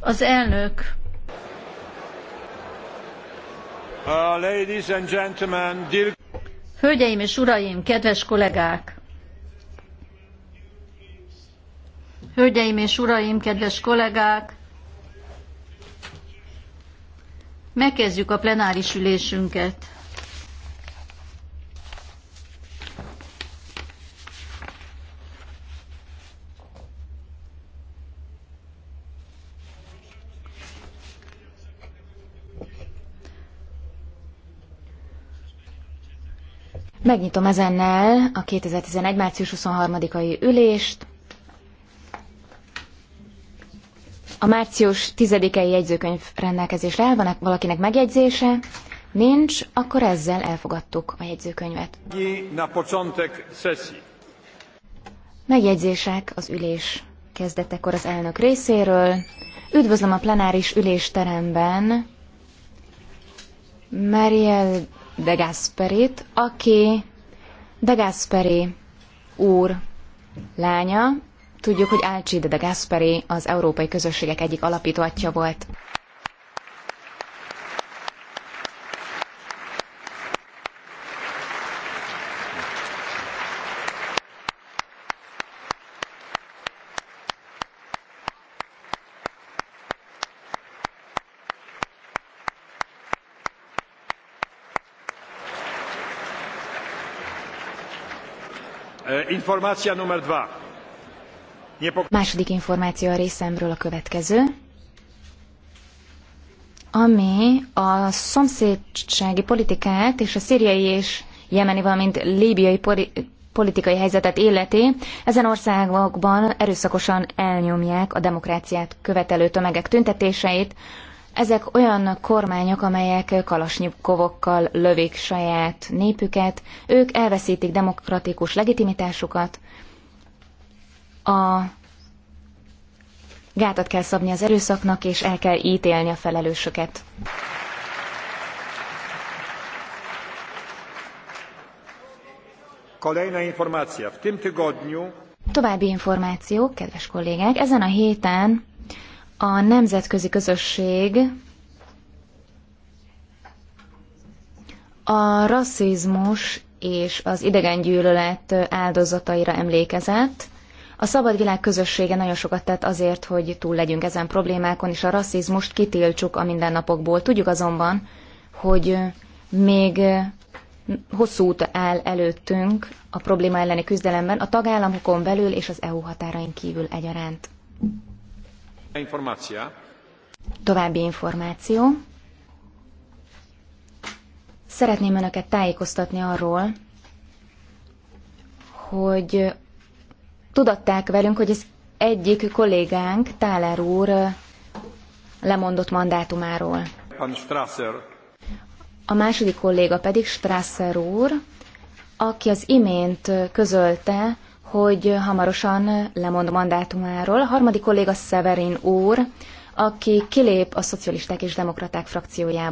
Az elnök. Uh, ladies and gentlemen, dear... Hölgyeim és uraim, kedves kollégák! Hölgyeim és uraim, kedves kollégák! Megkezdjük a plenáris ülésünket. Megnyitom ezennel a 2011. március 23-ai ülést. A március 10 ei jegyzőkönyv rendelkezésre el van valakinek megjegyzése? Nincs, akkor ezzel elfogadtuk a jegyzőkönyvet. Megjegyzések az ülés kezdetekor az elnök részéről. Üdvözlöm a plenáris ülésteremben Mariel de Gasperit, aki De Gasperi úr lánya, tudjuk, hogy Alcide De Gasperi az európai közösségek egyik alapítóatja volt. 2. E, Második információ a részemről a következő, ami a szomszédsági politikát és a szíriai és jemeni, valamint líbiai politikai helyzetet illeti, ezen országokban erőszakosan elnyomják a demokráciát követelő tömegek tüntetéseit, ezek olyan kormányok, amelyek kalasnyikovokkal lövik saját népüket, ők elveszítik demokratikus legitimitásukat, a gátat kell szabni az erőszaknak, és el kell ítélni a felelősöket. Kolejna információ. tym tygodniu... További információk, kedves kollégák, ezen a héten a nemzetközi közösség a rasszizmus és az idegengyűlölet áldozataira emlékezett. A szabad világ közössége nagyon sokat tett azért, hogy túl legyünk ezen problémákon, és a rasszizmust kitiltsuk a mindennapokból. Tudjuk azonban, hogy még hosszú út áll előttünk a probléma elleni küzdelemben a tagállamokon belül és az EU határain kívül egyaránt. További információ. Szeretném Önöket tájékoztatni arról, hogy tudatták velünk, hogy az egyik kollégánk, Táler úr, lemondott mandátumáról. A második kolléga pedig Strasser úr, aki az imént közölte, hogy hamarosan lemond mandátumáról. A harmadik kolléga Severin úr, aki kilép a szocialisták és demokraták frakciójából.